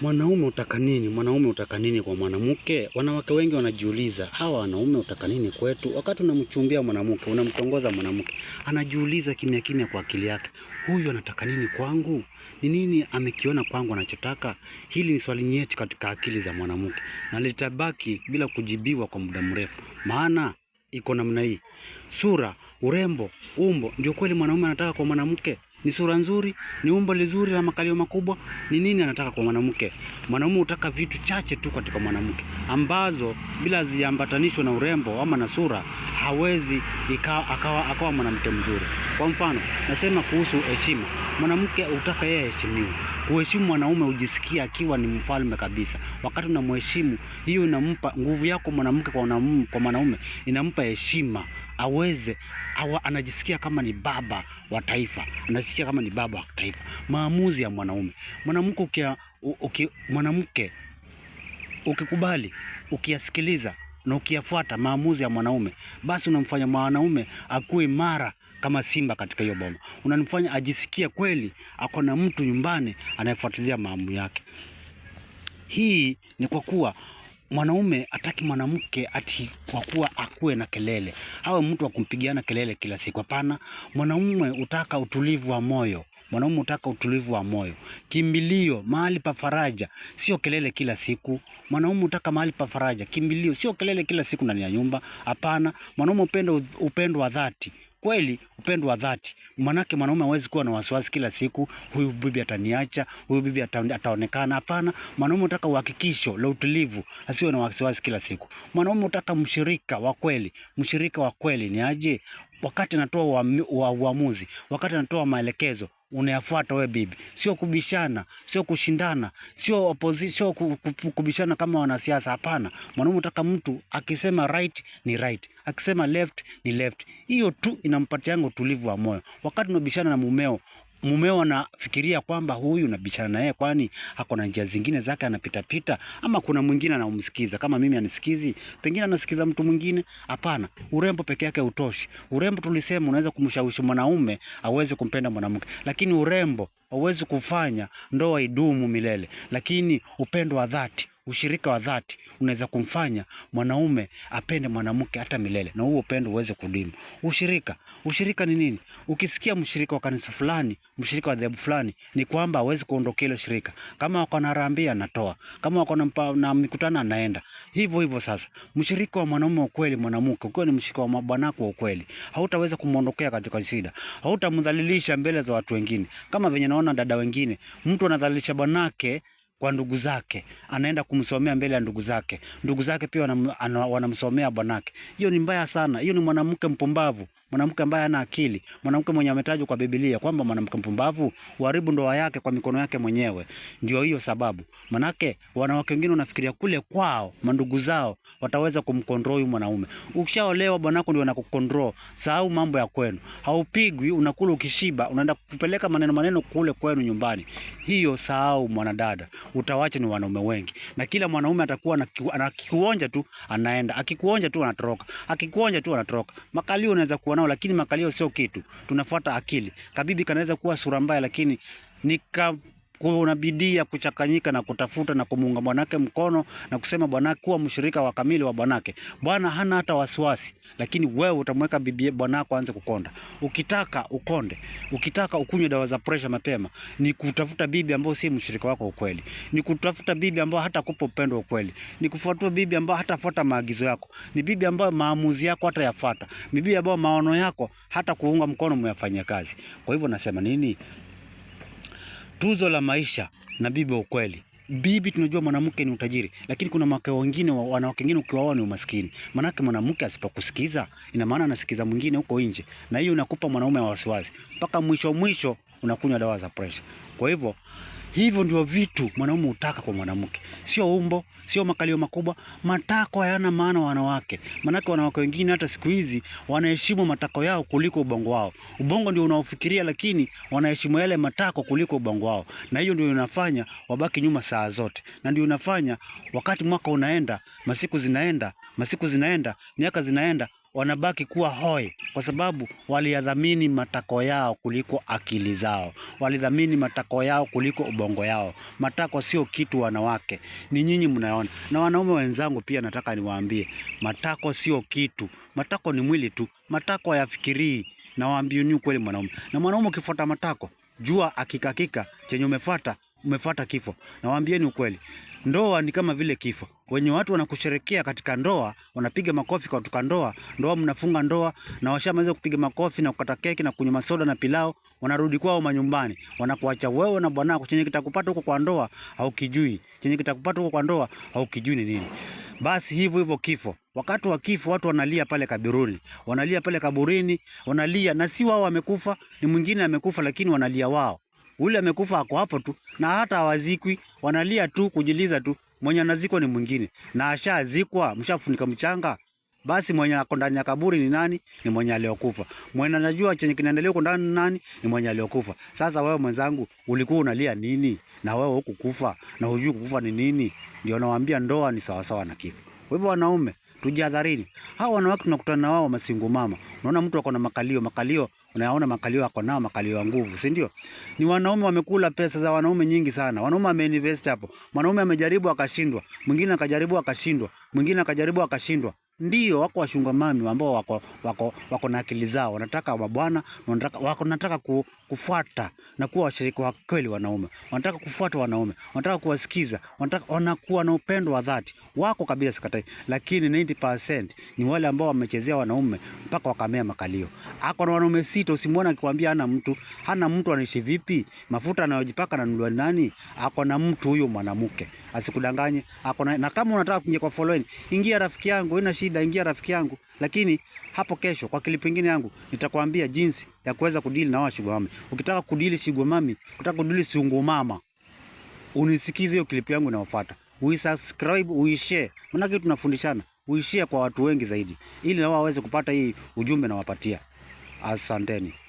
Mwanaume utaka nini? Mwanaume utaka nini kwa mwanamke? Wanawake wengi wanajiuliza, hawa wanaume utaka nini kwetu? Wakati unamchumbia mwanamke, unamtongoza mwanamke, anajiuliza kimya kimya kwa akili yake, huyu anataka nini kwangu? Ni nini amekiona kwangu anachotaka? Hili ni swali nyeti katika akili za mwanamke na litabaki bila kujibiwa kwa muda mrefu, maana iko namna hii: sura, urembo, umbo, ndio kweli mwanaume anataka kwa mwanamke? ni sura nzuri, ni umbo lizuri la makalio makubwa. Ni nini anataka kwa mwanamke? Mwanaume hutaka vitu chache tu katika mwanamke ambazo bila ziambatanishwe na urembo ama na sura hawezi ikawa, akawa, akawa mwanamke mzuri. Kwa mfano nasema kuhusu heshima, mwanamke hutaka yeye aheshimiwe. Kuheshimu mwanaume hujisikia akiwa ni mfalme kabisa. Wakati unamheshimu, hiyo inampa nguvu yako mwanamke kwa mwanaume, inampa heshima aweze awa, anajisikia kama ni baba wa taifa, anajisikia kama ni baba wa taifa. Maamuzi ya mwanaume, mwanamke ukia, uki, mwanamke ukikubali, ukiyasikiliza na ukiyafuata maamuzi ya mwanaume, basi unamfanya mwanaume akuwe imara kama simba katika hiyo boma, unamfanya ajisikia kweli ako na mtu nyumbani anayefuatilia maamuzi yake. Hii ni kwa kuwa mwanaume ataki mwanamke ati kwa kuwa akuwe na kelele, awe mtu wa kumpigiana kelele kila siku. Hapana, mwanaume utaka utulivu wa moyo, mwanaume utaka utulivu wa moyo, kimbilio, mahali pa faraja, sio kelele kila siku. Mwanaume utaka mahali pa faraja, kimbilio, sio kelele kila siku ndani ya nyumba. Hapana, mwanaume upendo, upendo wa dhati kweli, upendo wa dhati. Manake mwanaume hawezi kuwa na wasiwasi kila siku, huyu bibi ataniacha, huyu bibi ataonekana. Hapana, mwanaume utaka uhakikisho la utulivu, asiwe na wasiwasi kila siku. Mwanaume utaka mshirika wa kweli. Mshirika wa kweli ni aje? Wakati anatoa uamuzi, wakati anatoa maelekezo, unayafuata we bibi, sio kubishana, sio kushindana, sio opposition, sio kubishana kama wanasiasa. Hapana, mwanaume utaka mtu akisema right ni right, akisema left ni left. Hiyo tu inampatia yangu utulivu wa moyo. Wakati unabishana na mumeo mumeo anafikiria kwamba huyu nabishana naye, kwani ako na njia zingine zake anapitapita, ama kuna mwingine anamsikiza kama mimi anisikizi, pengine anasikiza mtu mwingine. Hapana, urembo peke yake utoshi. Urembo tulisema unaweza kumshawishi mwanaume aweze kumpenda mwanamke, lakini urembo hauwezi kufanya ndoa idumu milele, lakini upendo wa dhati ushirika wa dhati unaweza kumfanya mwanaume apende mwanamke hata milele, na huo upendo uweze kudumu. Ushirika, ushirika ni nini? Ukisikia mshirika wa kanisa fulani, mshirika wa dhehebu fulani, ni kwamba hawezi kuondoka ile shirika. Kama wako na harambee anatoa, kama wako na mikutano anaenda, hivyo hivyo. Sasa mshirika wa mwanaume wa kweli, mwanamke, ukiwa ni mshirika wa bwanako wa kweli, hautaweza kumwondokea katika shida, hautamdhalilisha mbele za watu wengine, kama venye naona dada wengine, mtu anadhalilisha bwanake kwa ndugu zake, anaenda kumsomea mbele ya ndugu zake, ndugu zake pia wanamsomea bwanake. Hiyo ni mbaya sana. Hiyo ni mwanamke mpumbavu, mwanamke ambaye hana akili, mwanamke mwenye ametajwa kwa Biblia kwamba mwanamke mpumbavu huharibu ndoa yake kwa mikono yake mwenyewe. Ndio hiyo sababu, manake wanawake wengine wanafikiria kule kwao, mandugu zao wataweza kumkontrol huyu mwanaume. Ukishaolewa bwanako ndio anakukontrol. Sahau mambo ya kwenu, haupigwi, unakula ukishiba, unaenda kupeleka maneno maneno kule kwenu nyumbani. Hiyo sahau mwanadada utawacha ni wanaume wengi, na kila mwanaume atakuwa anakikuonja tu anaenda, akikuonja tu anatoroka, akikuonja tu anatoroka. Makalio unaweza kuwa nao, lakini makalio sio kitu, tunafuata akili. Kabibi kanaweza kuwa sura mbaya, lakini nika kuna bidii ya kuchakanyika na kutafuta na kumuunga bwanake mkono na kusema bwana, kuwa mshirika wa kamili wa bwanake. Bwana hana hata wasiwasi, lakini wewe utamweka bibi bwanako aanze kukonda. Ukitaka ukonde, ukitaka ukunywe dawa za pressure mapema, ni kutafuta bibi ambayo si mshirika wako ukweli, ni kutafuta bibi ambayo hata kupo upendo ukweli, ni kufuatua bibi ambayo fuata maagizo yako, ni bibi ambayo maamuzi yako hata yafuata, ni bibi ambayo maono yako hata kuunga mkono mwafanya kazi. Kwa hivyo nasema nini? tuzo la maisha na bibi wa ukweli. Bibi tunajua mwanamke ni utajiri, lakini kuna wanawake wengine, wanawake wengine ukiwaoa ni umaskini. Maanake mwanamke asipokusikiza, ina maana anasikiza mwingine huko nje, na hiyo inakupa mwanaume wa wasiwasi, mpaka mwisho mwisho unakunywa dawa za pressure. Kwa hivyo Hivyo ndio vitu mwanaume hutaka kwa mwanamke, sio umbo, sio makalio makubwa. Matako hayana maana wanawake, maanake wanawake wengine hata siku hizi wanaheshimu matako yao kuliko ubongo wao. Ubongo ndio unaofikiria, lakini wanaheshimu yale matako kuliko ubongo wao, na hiyo ndio inafanya wabaki nyuma saa zote, na ndio inafanya wakati mwaka unaenda, masiku zinaenda, masiku zinaenda, miaka zinaenda wanabaki kuwa hoi kwa sababu waliyadhamini matako yao kuliko akili zao, walidhamini matako yao kuliko ubongo yao. Matako sio kitu, wanawake, ni nyinyi mnayoona. Na wanaume wenzangu pia nataka niwaambie, matako sio kitu, matako ni mwili tu, matako hayafikirii. ni ukweli, mwanaume na mwanaume, ukifuata matako jua akikakika chenye umefuata umefuata kifo. Nawaambieni ukweli, ndoa ni kama vile kifo. Wenye watu wanakusherekea katika ndoa, wanapiga makofi katika ndoa, ndoa mnafunga ndoa, na washamaliza kupiga makofi na kukata keki na kunywa soda na pilao, wanarudi kwao manyumbani, wanakuacha wewe na bwanako. Chenye kitakupata huko kwa ndoa haukijui, chenye kitakupata huko kwa ndoa haukijui ni nini. Basi hivyo hivyo kifo. Wakati wa kifo watu wanalia pale kaburuni, wanalia pale kaburini, wanalia na si wao wamekufa, ni mwingine amekufa, lakini wanalia wao Ule amekufa ako hapo tu, na hata hawazikwi, wanalia tu kujiliza tu. Mwenye anazikwa ni mwingine, na ashazikwa, mshafunika mchanga. Basi mwenye ako ndani ya kaburi ni nani? Ni mwenye aliokufa. Mwenye anajua chenye kinaendelea huko ndani ni nani? Ni mwenye aliokufa. Sasa wewe mwenzangu, ulikuwa unalia nini? Na wewe hukukufa, na hujui kukufa ni nini. Ndio nawaambia ndoa ni sawasawa na kifo. Kwa hivyo wanaume tujihadharini. Hao wanawake tunakutana na wao masingu mama. Unaona mtu ako na makalio, makalio, unaona makalio ako nao, makalio ya nguvu, si ndio? Ni wanaume wamekula pesa za wanaume nyingi sana. Wanaume ameinvest hapo. Mwanaume amejaribu akashindwa, mwingine akajaribu akashindwa, mwingine akajaribu akashindwa ndio wako washunga mami ambao wako, wako, wako na akili zao, wanataka mabwana, wanataka ku, kufuata na kuwa washiriki wa kweli wanaume, wanataka kufuata wanaume, wanataka kuwasikiza, wanataka, wanakuwa na upendo wa dhati, wako kabisa sikatai, lakini 90% ni wale ambao wamechezea wanaume mpaka wakamea makalio. Ako na wanaume sita, usimwona akikwambia hana mtu. Hana mtu, anaishi vipi? Mafuta anayojipaka na ananunua nani? Ako na mtu huyo mwanamke, asikudanganye. Ako na, na kama unataka kuingia kwa following, ingia rafiki yangu ina shi shida, ingia rafiki yangu, lakini hapo kesho kwa klipu nyingine yangu nitakwambia jinsi ya kuweza kudili na wao shigomami. Ukitaka kudili shigomami, ukitaka kudili sungumama, unisikize hiyo klipu yangu inayofuata, uisubscribe, uishare, maana kitu tunafundishana, uishare kwa watu wengi zaidi, ili na wao waweze kupata hii ujumbe nawapatia. Asanteni.